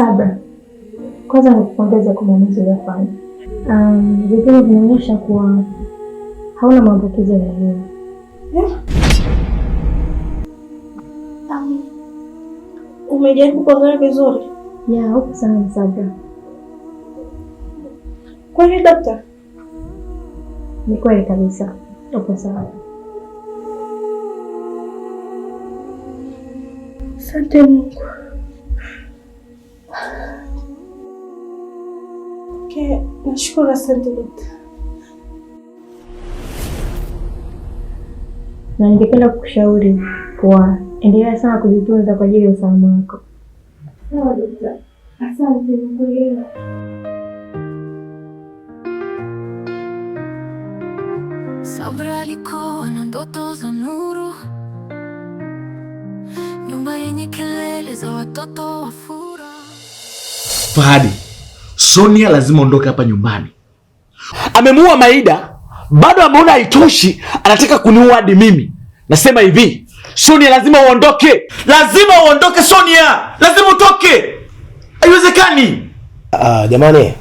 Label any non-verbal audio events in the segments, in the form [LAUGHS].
saba. kwanza nikupongeze kwa maamuzi uliyofanya. Um, vipimo vinaonyesha kuwa hauna maambukizi ya hiyo. Yeah. Um, umejaribu kuangalia vizuri? Yeah, upo sana Sabra. hiyo daktari? Ni kweli kabisa, upo sana. Asante Mungu. Okay, nashukuru asante dokta. Na ningependa kukushauri kwa endelea sana kujitunza kwa ajili ya usalama wako. Sawa dokta. Asante nikuelewa. Sabra alikuwa na ndoto za nuru, nyumba yenye kelele za watoto wa furaha. Fahadi Sonia lazima ondoke hapa nyumbani. Amemuua Maida, bado ameona haitoshi, anataka kuniua hadi mimi. Nasema hivi, Sonia lazima uondoke, lazima uondoke Sonia, lazima utoke, haiwezekani. Uh, jamani,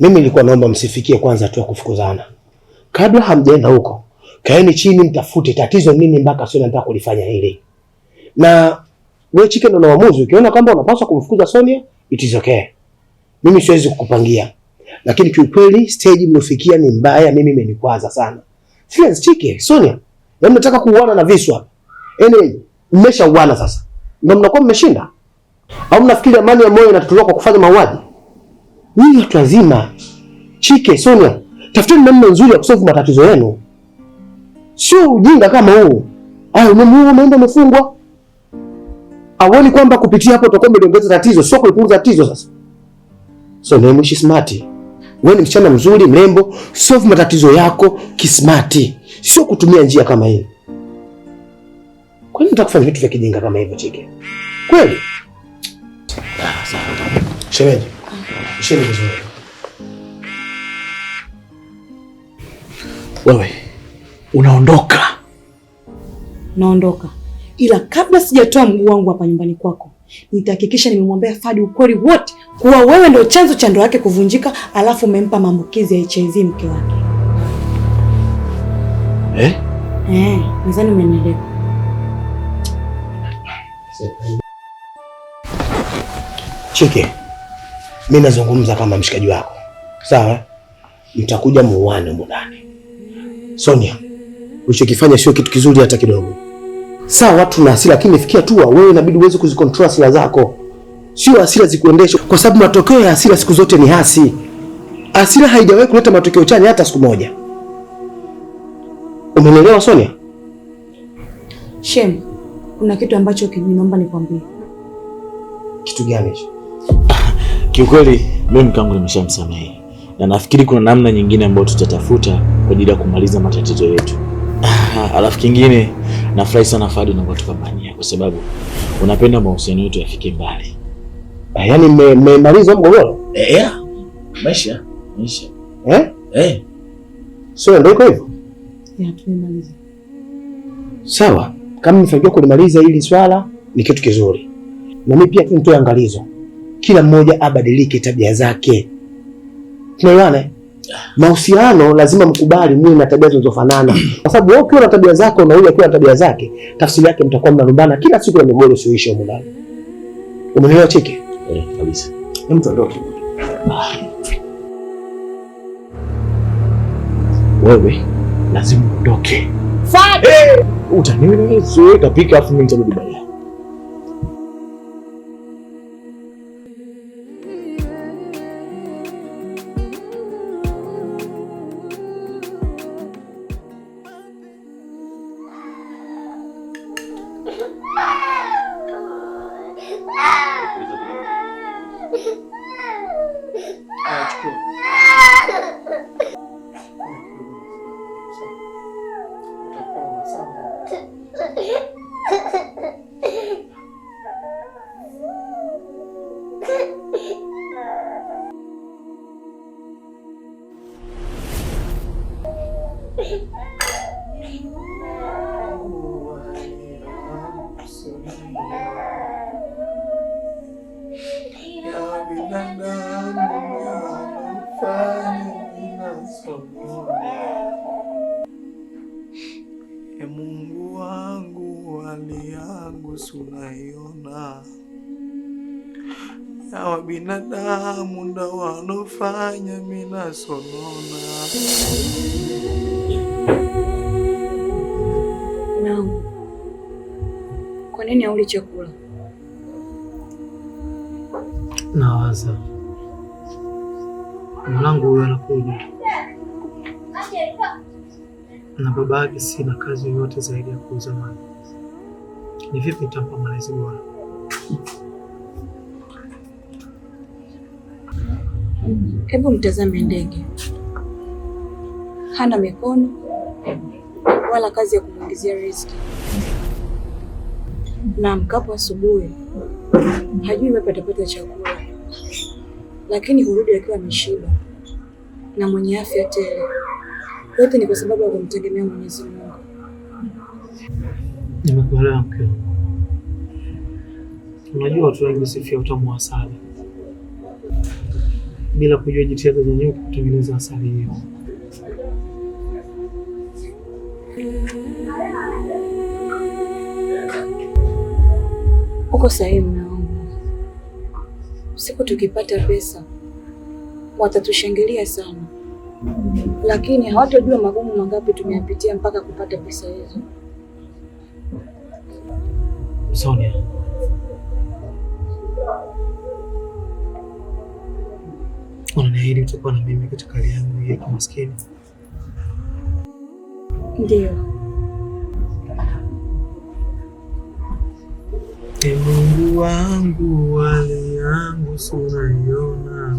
mimi nilikuwa naomba msifikie kwanza tu ya kufukuzana, kabla hamjaenda huko, kaeni chini mtafute tatizo nini mpaka Sonia anataka kulifanya hili. Na wewe Chike, ndo na uamuzi, ukiona kwamba unapaswa kumfukuza Sonia, it is okay mimi siwezi kukupangia, lakini kiukweli stage mliofikia ni mbaya, mimi imenikwaza sana. Friends, Chike, Sonia, na mnataka kuuana na visu hapa. Anyway, uana sasa. Ndio mnakuwa mmeshinda. Au mnafikiri amani ya moyo inatolewa kwa kufanya mauaji? Nyinyi watu wazima, Chike, Sonia, tafuteni namna nzuri ya kusolve matatizo yenu. Sio ujinga kama huu. Aya, umemuua umeenda umefungwa. Awali kwamba kupitia hapo utakuwa umeongeza tatizo, sio kulipunguza tatizo sasa. So unaemwishi smart. Wewe ni msichana mzuri mrembo, solve matatizo yako kismart, sio kutumia njia kama hii. Kwani mtakufanya vitu vya kijinga kama hivyo Chike? Kweli? Ah, Shemeji. Shemeji vizuri. Wewe unaondoka. Naondoka. Ila kabla sijatoa mguu wangu hapa nyumbani kwako, nitahakikisha nimemwambia Fadi ukweli wote kuwa wewe ndio chanzo cha ndoa yake kuvunjika, alafu umempa maambukizi ya HIV mke wake eh? Eh, nadhani umenielewa. Chike, mimi nazungumza kama mshikaji wako, sawa? Mtakuja muuane huko ndani. Sonia, ulichokifanya sio kitu kizuri hata kidogo. Sawa, watu na hasira, lakini fikia tu wewe inabidi uweze kuzikontrol hasira zako sio hasira zikuendeshe, kwa sababu matokeo ya hasira siku zote ni hasi. Hasira haijawahi kuleta matokeo chanya hata siku moja. Umenielewa Sonia? Shem, kuna kitu ambacho naomba nikwambie. Kitu gani hicho? Kiukweli mimi mkangu nimeshamsamehe na nafikiri kuna namna nyingine ambayo tutatafuta kwa ajili ya kumaliza matatizo yetu. Ah, alafu kingine nafurahi sana Fadi na watu kwa sababu unapenda mahusiano yetu yafike mbali. Yaani mmemaliza mgogoro? Eh, yeah. Eh, eh, maisha. Maisha. Eh? Eh. Sio ndio iko hivyo? Yeah, tumemaliza. Sawa, kama mfajua kulimaliza hili swala ni kitu kizuri. Na mimi pia nitoe angalizo. Kila mmoja abadilike tabia zake. Tunaelewana? Eh? Ah. Mahusiano lazima mkubali muwe na tabia zinazofanana, [CLEARS THROAT] kwa sababu wewe ukiwa na tabia zako na yule akiwa na tabia zake, tafsiri yake mtakuwa mnalumbana kila siku na migogoro sio suluhisho mlalo. Umeelewa cheki? Eh, kabisa. Hem, tuondoke. Ah. Wewe lazima uondoke. Fadi. Hey, eh, utaniweza kapika afu mimi nitarudi baadaye. Mungu wangu, hali yangu si hawa binadamu ndo wanofanya mimi nasonona nini auli chakula? Nawaza mwanangu huyo anakuja na baba yake, sina kazi yoyote zaidi ya kuuza maji. Ni vipi tampa malezi bora? Hebu mtazame ndege, hana mikono wala kazi ya kumwingizia riziki na amkapo asubuhi hajui wapi atapata chakula, lakini hurudi akiwa ameshiba na mwenye afya tele. Yote ni kwa sababu ya kumtegemea Mwenyezi Mungu. Nimekuelewa mke. Unajua watu wengi sifia utamu wa asali bila kujua jitihada zenyewe kutengeneza asali hiyo. uko sahihi wangu, Siku tukipata pesa watatushangilia sana, lakini hawatajua magumu mangapi tumeyapitia mpaka kupata pesa hizo. Sonia, unaniahidi utakuwa na mimi katika hali yangu ya kimaskini? Ndio. Ee Mungu wangu, wale yangu sinaiona.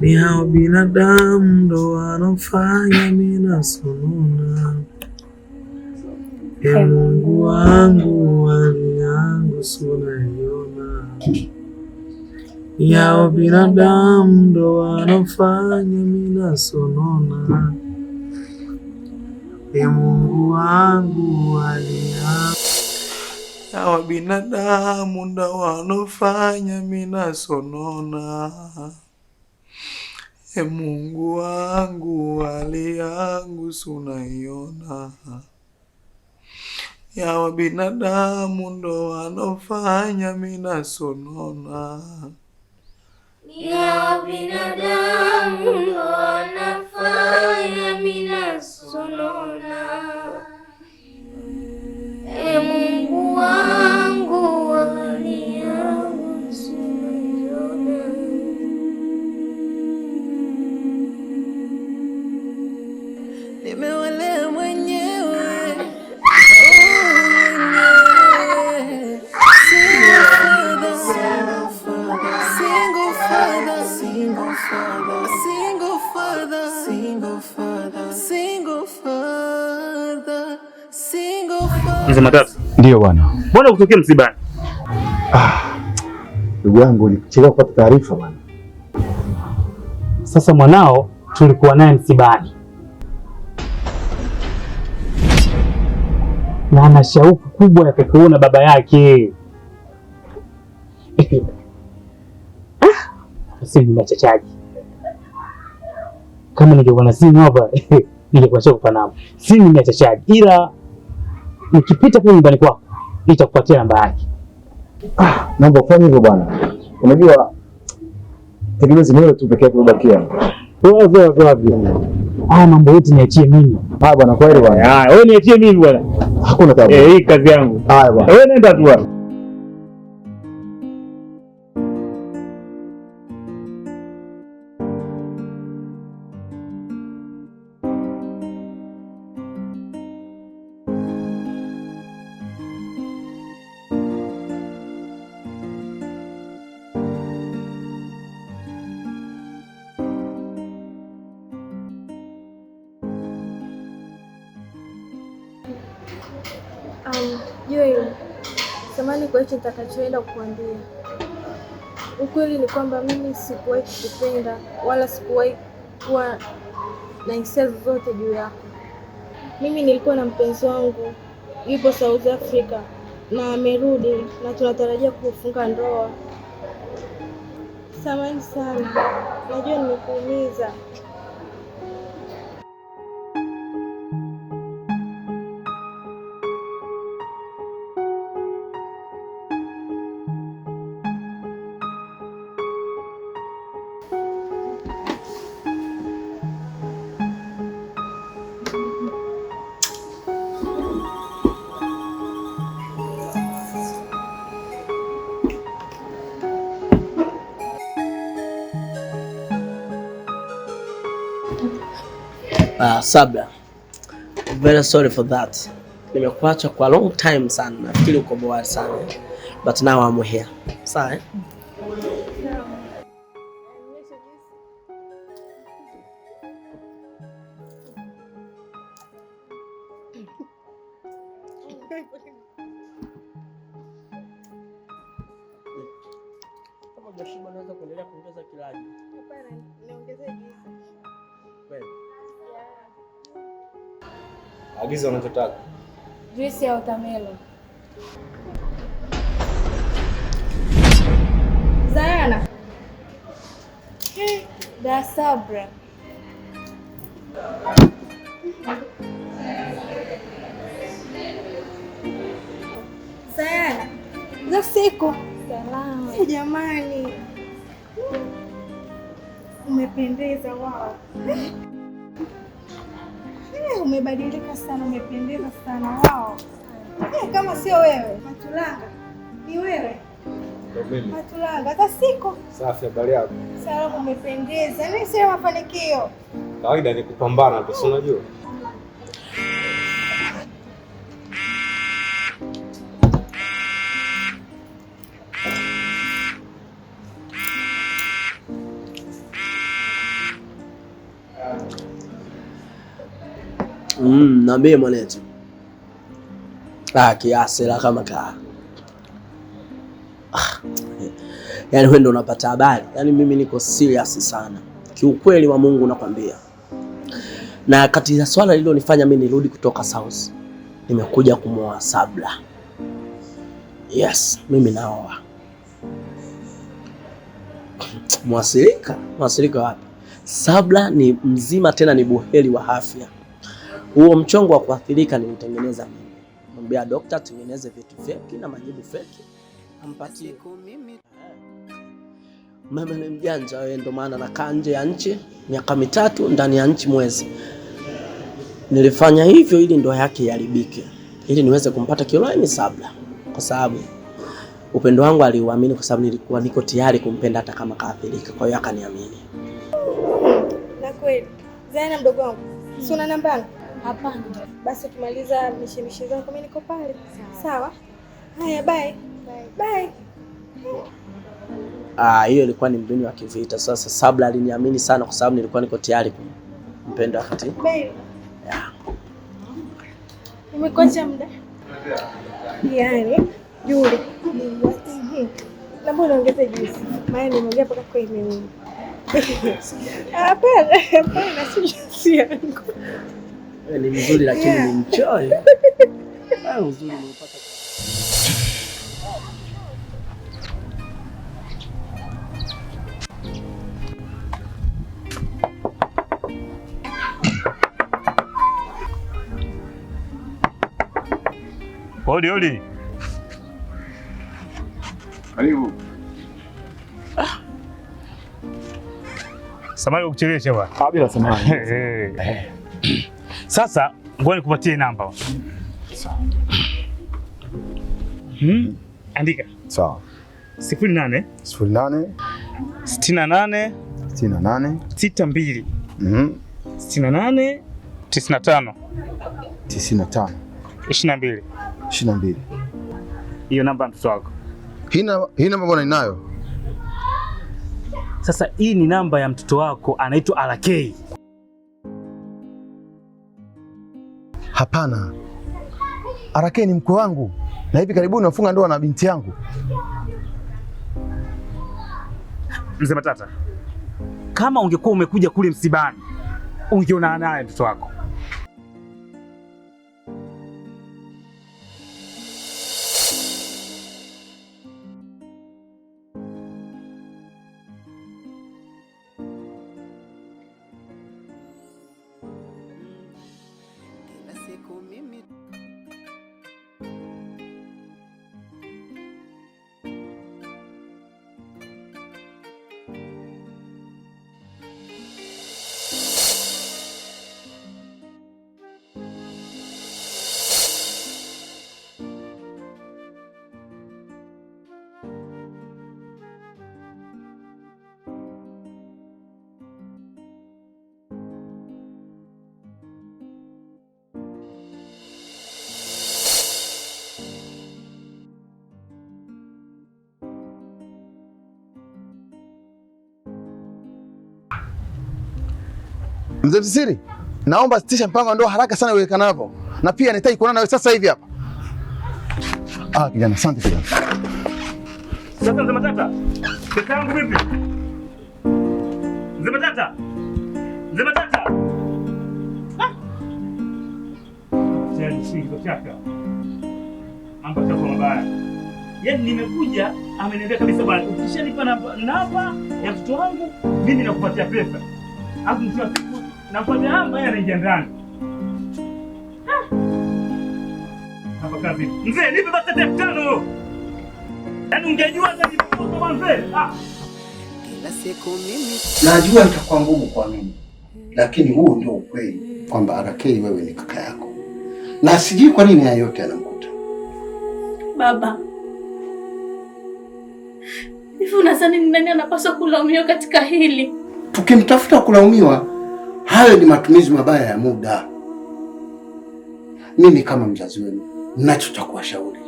Ni hao binadamu ndo wanofanya mina sonona. Ee Mungu wangu, wale yangu sinaiona. Ni hao binadamu ndo wanofanya mina sonona. Ee, Mungu wangu, wale yangu hawa binadamu nda wanofanya mina sonona. E Mungu wangu, hali yangu sunaiona, yawa binadamu ndo wanofanya mina sonona ya binadamu ndo wanafanya mina sonona e Mungu wangu miezi matatu. Ndio bwana. Mbona kutokea msibani? Ah, ndugu yangu, nilichelewa kupata taarifa bwana. Sasa mwanao tulikuwa naye msibani na ana shauku kubwa ya kukuona baba yake. Ah, si ni machachaji. Kama ningekuwa na simu hapa [LAUGHS] ningekuwa sio kufanana. Simu ni machachaji ila nikipita kule nyumbani kwako nitakupatia namba yake. Ah, naomba ufanye hivyo bwana. Unajua tegemezi mwenyewe tu pekee yako ubakia. Wewe wewe. Ah, mambo yote niachie mimi. Ah bwana, kweli bwana. Haya, wewe niachie mimi bwana. Hakuna tatizo. Eh, hii kazi yangu. Haya bwana. Wewe nenda tu bwana. samani kwa hicho nitakachoenda kukwambia. Ukweli ni kwamba mimi sikuwahi kukupenda wala sikuwahi kuwa na hisia zozote juu yako. Mimi nilikuwa na mpenzi wangu yupo South Africa na amerudi na tunatarajia kufunga ndoa. samani sana, najua nimekuumiza. Uh, ah, Sabia, very sorry for that. Nimekuacha kwa long time sana, nafikiri uko bored sana, but now I'm here. Sawa. Eh? uliza unachotaka. Juisi ya utamelo. Zayana. da sabra. Zayana. Za siku. Salama. Hey, jamani. Umependeza wao umebadilika sana, umependeza sana wao. Eh, kama sio wewe Matulanga ni wewe Matulanga. Hata siko safi. Habari yako? Salamu. Umependeza. Mimi sio mafanikio kawaida, ni kupambana tu, si unajua Mm, naambie mwanetu. Ah, kiasela kama ka. Ah. Yaani wewe ndio unapata habari. Yaani mimi niko serious sana. Kiukweli wa Mungu nakwambia. Na kati ya swala lililonifanya mimi nirudi kutoka South, nimekuja kumwoa Sabla. Yes, mimi naoa. Mwasilika? Mwasilika wapi? Sabla ni mzima tena ni buheri wa afya huo mchongo wa kuathirika niutengeneza mimi. Mwambia daktari tengeneze vitu feki na majibu feki ampatie. Mama ni mjanja wewe, ndo maana nakaa nje ya nchi miaka mitatu, ndani ya nchi mwezi. Nilifanya hivyo ili ndoa yake iharibike, ili niweze kumpata Kilaini Sabla, kwa sababu upendo wangu aliuamini, kwa sababu nilikuwa niko tayari kumpenda hata kama kaathirika. Kwa hiyo akaniamini. Na kweli Zaina, mdogo wangu, sina namba yangu Hapana. Basi ukimaliza mishimishi zako mimi niko pale. Sawa. Haya, bye. Bye. Ah, hiyo ilikuwa ni mbinu ya kivita. Sasa Sabla aliniamini sana kwa sababu nilikuwa niko tayari kumpenda wakati. Babe. Yeah. Nimekocha muda. Yaani, Juli, labda unaongeza juisi. Maana nimeongea mpaka kwa imeniuma. [LAUGHS] Hapana, hapana, si juisi yangu. Eh, ni mzuri lakini ni mchoyo. [LAUGHS] Ah, Uzuri unaopata Odi, odi. Karibu. Ah. Samahani kuchelewesha bwana. Ah, bila samahani. [LAUGHS] Eh. [CLEARS THROAT] Sasa ngoja nikupatie namba. Sawa. Hmm? Andika. Sawa. 08 08 68 68 62 Mhm. 68 95 95 22 22. Hiyo namba mtoto wako. Hii namba bwana Sasa hii ni namba ya mtoto wako anaitwa RK. Hapana, Arake ni mkwe wangu na hivi karibuni nafunga ndoa na binti yangu. Mzee Matata, kama ungekuwa umekuja kule msibani ungeonana naye mtoto wako. você comigo. Mzee Msiri, naomba sitisha mpango ndoa haraka sana iwezekanavyo, na pia nahitaji kuonana nawe sasa hivi hapa. Ah, kijana, asante kijana. Sasa mzee Matata, pesa yangu vipi? Mzee Matata. Mzee Matata. Ah. Sasa sisi tutachaka. Amba kwa mbaya. Yaani nimekuja ameniambia kabisa bwana, ukishanipa namba ya mtoto wangu mimi nakupatia pesa. Alafu msio na mmoja ambaye anaingia ndani hapa kazi. Mzee, nipe basi elfu tano. Yaani ungejua zaidi kwa mzee. Ah. Najua itakuwa ngumu kwa mimi, lakini huu ndio ukweli kwamba RK wewe ni kaka yako, na sijui kwa nini haya yote yanamkuta baba. Hivi unadhani nani anapaswa kulaumiwa katika hili? Tukimtafuta kulaumiwa Hayo ni matumizi mabaya ya muda. Mimi kama mzazi wenu nacho cha kuwashauri.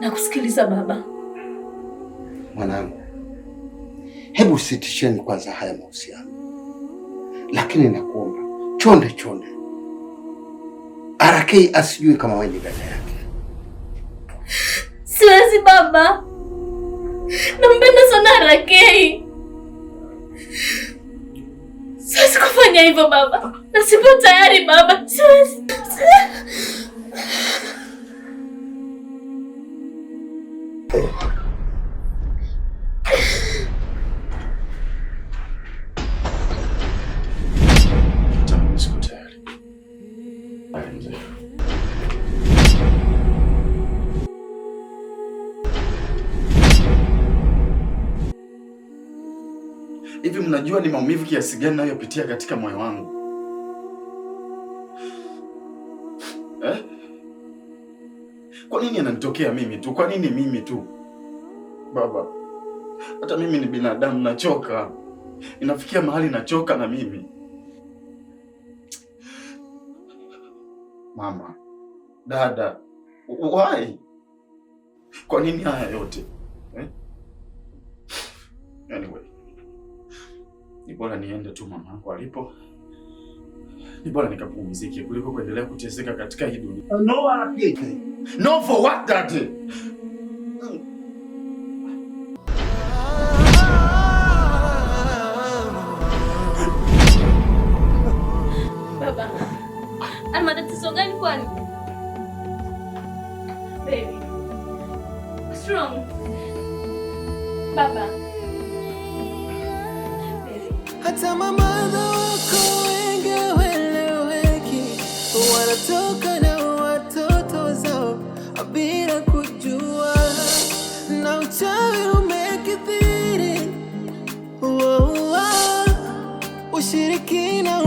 Nakusikiliza baba. Mwanangu, hebu sitisheni kwanza haya mahusiano, lakini nakuomba chonde chonde, arakei asijui kama wewe ni dada yake. Siwezi baba, nampenda sana Arakei. Siwezi kufanya hivyo baba, na sipo tayari baba, siwezi. Hivi mnajua ni maumivu kiasi gani nayopitia katika moyo wangu eh? Kwa nini ananitokea mimi tu? Kwa nini mimi tu? Baba, hata mimi ni binadamu, nachoka. Inafikia mahali nachoka na mimi. Mama, dada, why? Kwa nini haya yote eh? Anyway ni bora niende tu yangu alipo, ni bora nikapumzike kuliko kuendelea kuteseka katika hii dunia. Uh, no, no for what that Baba hata mamadha wako wenge weleweki wanatoka na watoto zao bila kujua, na uchawi umekithiri, ushirikina